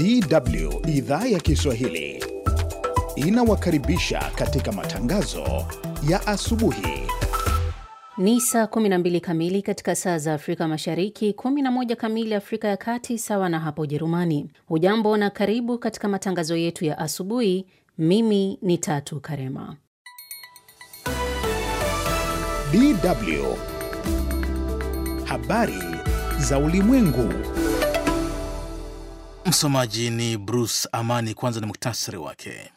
DW idhaa ya Kiswahili inawakaribisha katika matangazo ya asubuhi. Ni saa 12 kamili katika saa za Afrika Mashariki, 11 kamili Afrika ya Kati, sawa na hapo Ujerumani. Hujambo na karibu katika matangazo yetu ya asubuhi. Mimi ni Tatu Karema. DW habari za ulimwengu Msomaji ni Bruce Amani. Kwanza ni muktasari wake.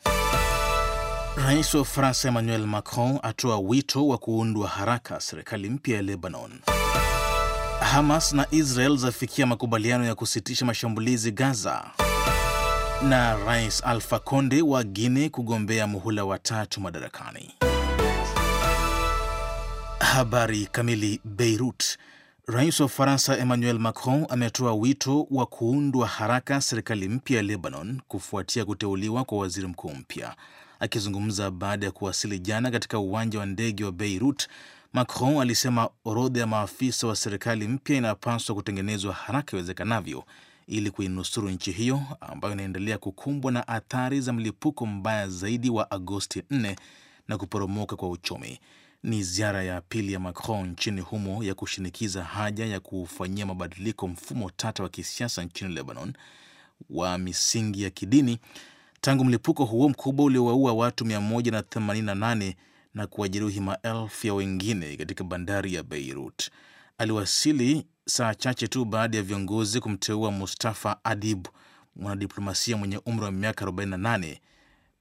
Rais wa Ufaransa Emmanuel Macron atoa wito wa kuundwa haraka serikali mpya ya Lebanon. Hamas na Israel zafikia makubaliano ya kusitisha mashambulizi Gaza. Na Rais Alpha Conde wa Guinea kugombea muhula wa tatu madarakani. Habari kamili. Beirut Rais wa Ufaransa Emmanuel Macron ametoa wito wa kuundwa haraka serikali mpya ya Lebanon kufuatia kuteuliwa kwa waziri mkuu mpya. Akizungumza baada ya kuwasili jana katika uwanja wa ndege wa Beirut, Macron alisema orodha ya maafisa wa serikali mpya inapaswa kutengenezwa haraka iwezekanavyo ili kuinusuru nchi hiyo ambayo inaendelea kukumbwa na athari za mlipuko mbaya zaidi wa Agosti 4 na kuporomoka kwa uchumi. Ni ziara ya pili ya Macron nchini humo ya kushinikiza haja ya kufanyia mabadiliko mfumo tata wa kisiasa nchini Lebanon wa misingi ya kidini tangu mlipuko huo mkubwa uliowaua watu 188 na kuwajeruhi maelfu ya wengine katika bandari ya Beirut. Aliwasili saa chache tu baada ya viongozi kumteua Mustafa Adib, mwanadiplomasia mwenye umri wa miaka 48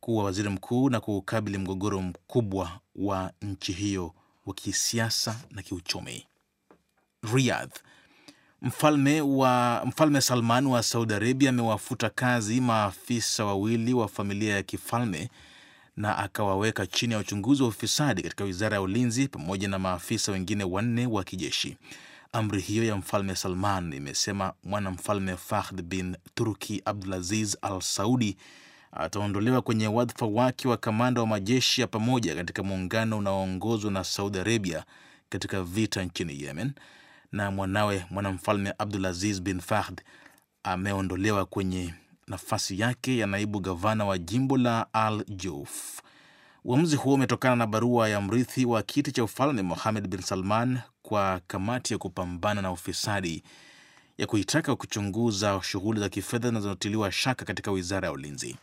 kuwa waziri mkuu na kukabili mgogoro mkubwa wa nchi hiyo wa kisiasa na kiuchumi. Riyadh. Mfalme, wa, Mfalme Salman wa Saudi Arabia amewafuta kazi maafisa wawili wa familia ya kifalme na akawaweka chini ya uchunguzi wa ufisadi katika wizara ya ulinzi pamoja na maafisa wengine wanne wa kijeshi. Amri hiyo ya Mfalme Salman imesema mwanamfalme Fahd bin Turki Abdulaziz Al Saudi ataondolewa kwenye wadhifa wake wa kamanda wa majeshi ya pamoja katika muungano unaoongozwa na Saudi Arabia katika vita nchini Yemen, na mwanawe mwanamfalme Abdulaziz bin Fahd ameondolewa kwenye nafasi yake ya naibu gavana wa jimbo la Al Jouf. Uamuzi huo umetokana na barua ya mrithi wa kiti cha ufalme Mohamed bin Salman kwa kamati ya kupambana na ufisadi ya kuitaka kuchunguza shughuli za kifedha zinazotiliwa shaka katika wizara ya ulinzi.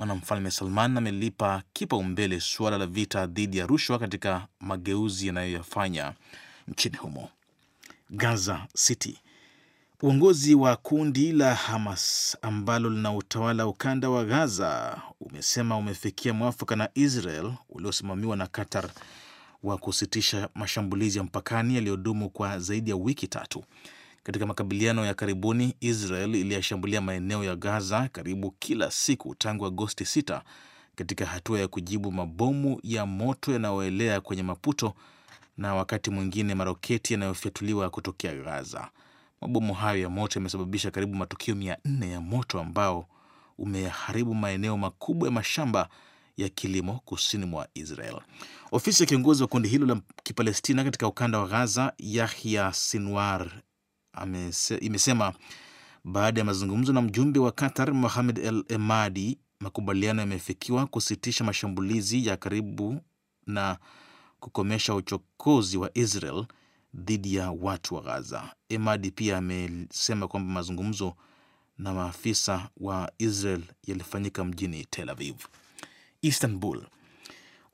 Mwanamfalme Salman amelipa kipaumbele suala la vita dhidi ya rushwa katika mageuzi yanayoyafanya nchini humo. Gaza City, uongozi wa kundi la Hamas ambalo lina utawala ukanda wa Gaza umesema umefikia mwafaka na Israel uliosimamiwa na Qatar wa kusitisha mashambulizi ya mpakani yaliyodumu kwa zaidi ya wiki tatu. Katika makabiliano ya karibuni, Israel iliyashambulia maeneo ya Gaza karibu kila siku tangu Agosti 6 katika hatua ya kujibu mabomu ya moto yanayoelea kwenye maputo na wakati mwingine maroketi yanayofyatuliwa kutokea Gaza. Mabomu hayo ya moto yamesababisha karibu matukio mia nne ya moto ambao umeharibu maeneo makubwa ya mashamba ya kilimo kusini mwa Israel. Ofisi ya kiongozi wa kundi hilo la Kipalestina katika ukanda wa Gaza, Yahya Sinwar amese, imesema baada ya mazungumzo na mjumbe wa Qatar Mohamed El Emadi, makubaliano yamefikiwa kusitisha mashambulizi ya karibu na kukomesha uchokozi wa Israel dhidi ya watu wa Gaza. Emadi pia amesema kwamba mazungumzo na maafisa wa Israel yalifanyika mjini Tel Aviv. Istanbul,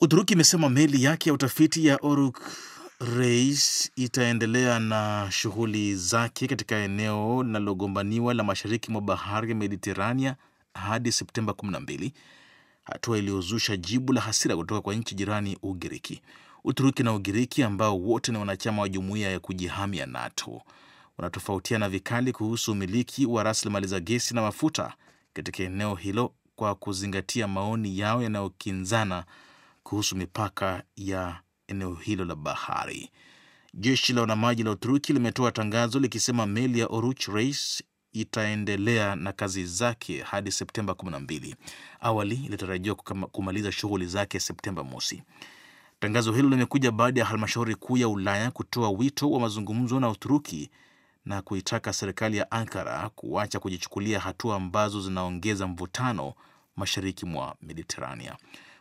Uturuki imesema meli yake ya utafiti ya Oruk Rais itaendelea na shughuli zake katika eneo linalogombaniwa la mashariki mwa bahari ya Mediterania hadi Septemba 12, hatua iliyozusha jibu la hasira kutoka kwa nchi jirani Ugiriki. Uturuki na Ugiriki ambao wote ni wanachama wa jumuiya ya kujihamia NATO wanatofautiana vikali kuhusu umiliki wa rasilimali za gesi na mafuta katika eneo hilo kwa kuzingatia maoni yao yanayokinzana kuhusu mipaka ya eneo hilo la bahari. Jeshi la wanamaji la Uturuki limetoa tangazo likisema meli ya oruch Reis itaendelea na kazi zake hadi Septemba 12. Awali ilitarajiwa kumaliza shughuli zake Septemba mosi. Tangazo hilo limekuja baada ya halmashauri kuu ya Ulaya kutoa wito wa mazungumzo na Uturuki na kuitaka serikali ya Ankara kuacha kujichukulia hatua ambazo zinaongeza mvutano mashariki mwa Mediterania.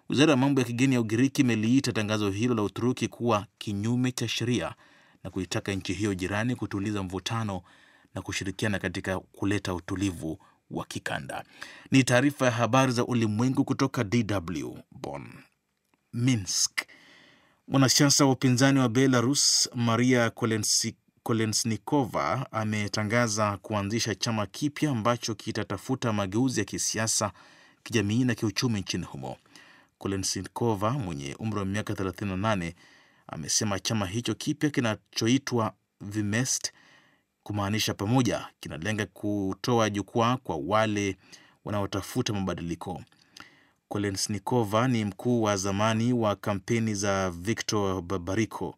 Wizara ya mambo ya kigeni ya Ugiriki imeliita tangazo hilo la Uturuki kuwa kinyume cha sheria na kuitaka nchi hiyo jirani kutuliza mvutano na kushirikiana katika kuleta utulivu wa kikanda. Ni taarifa ya habari za ulimwengu kutoka DW Bonn. Minsk. Mwanasiasa wa upinzani wa Belarus Maria kolensnikova Kolesnikova ametangaza kuanzisha chama kipya ambacho kitatafuta mageuzi ya kisiasa, kijamii na kiuchumi nchini humo. Kolesnikova mwenye umri wa miaka 38 amesema chama hicho kipya kinachoitwa Vimest, kumaanisha pamoja, kinalenga kutoa jukwaa kwa wale wanaotafuta mabadiliko. Kolesnikova ni mkuu wa zamani wa kampeni za Viktor Babariko,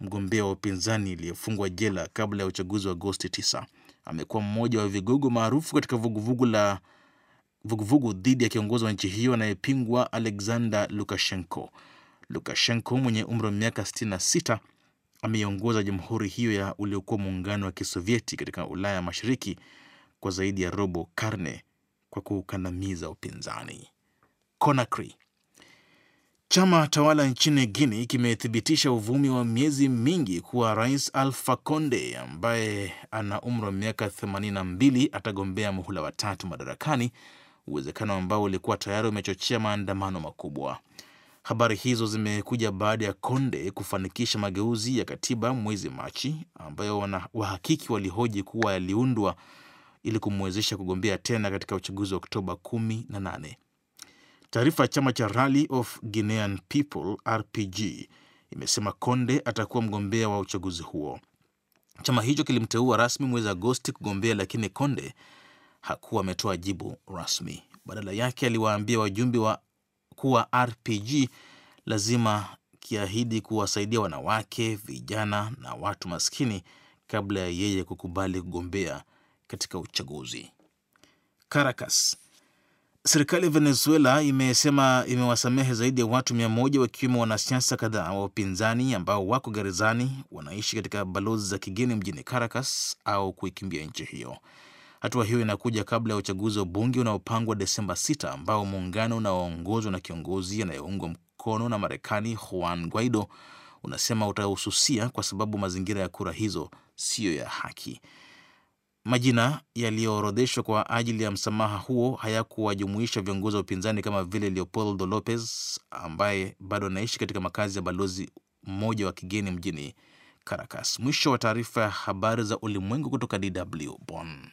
mgombea wa upinzani aliyefungwa jela kabla ya uchaguzi wa Agosti 9. Amekuwa mmoja wa vigogo maarufu katika vuguvugu la vuguvugu dhidi ya kiongozi wa nchi hiyo anayepingwa Alexander Lukashenko. Lukashenko mwenye umri wa miaka 66 ameiongoza jamhuri hiyo ya uliokuwa muungano wa Kisovieti katika Ulaya ya Mashariki kwa zaidi ya robo karne kwa kukandamiza upinzani. Conakry. Chama tawala nchini Guinea kimethibitisha uvumi wa miezi mingi kuwa Rais Alpha Conde ambaye ana umri wa miaka 82 atagombea muhula watatu madarakani uwezekano ambao ulikuwa tayari umechochea maandamano makubwa. Habari hizo zimekuja baada ya Konde kufanikisha mageuzi ya katiba mwezi Machi, ambayo wahakiki walihoji kuwa yaliundwa ili kumwezesha kugombea tena katika uchaguzi wa Oktoba 18. Taarifa ya chama cha Rally of Guinean People RPG imesema Konde atakuwa mgombea wa uchaguzi huo. Chama hicho kilimteua rasmi mwezi Agosti kugombea, lakini Konde hakuwa ametoa jibu rasmi. Badala yake aliwaambia wajumbe wa kuwa RPG lazima kiahidi kuwasaidia wanawake, vijana na watu maskini kabla ya yeye kukubali kugombea katika uchaguzi. Caracas. Serikali ya Venezuela imesema imewasamehe zaidi ya watu mia moja wakiwemo wanasiasa kadhaa wa upinzani ambao wako gerezani, wanaishi katika balozi za kigeni mjini Caracas au kuikimbia nchi hiyo. Hatua hiyo inakuja kabla ya uchaguzi wa bunge unaopangwa Desemba 6 ambao muungano unaoongozwa na kiongozi anayeungwa mkono na Marekani Juan Guaido unasema utahususia kwa sababu mazingira ya kura hizo siyo ya haki. Majina yaliyoorodheshwa kwa ajili ya msamaha huo hayakuwajumuisha viongozi wa upinzani kama vile Leopoldo Lopez ambaye bado anaishi katika makazi ya balozi mmoja wa kigeni mjini Caracas. Mwisho wa taarifa ya habari za ulimwengu kutoka DW Bonn.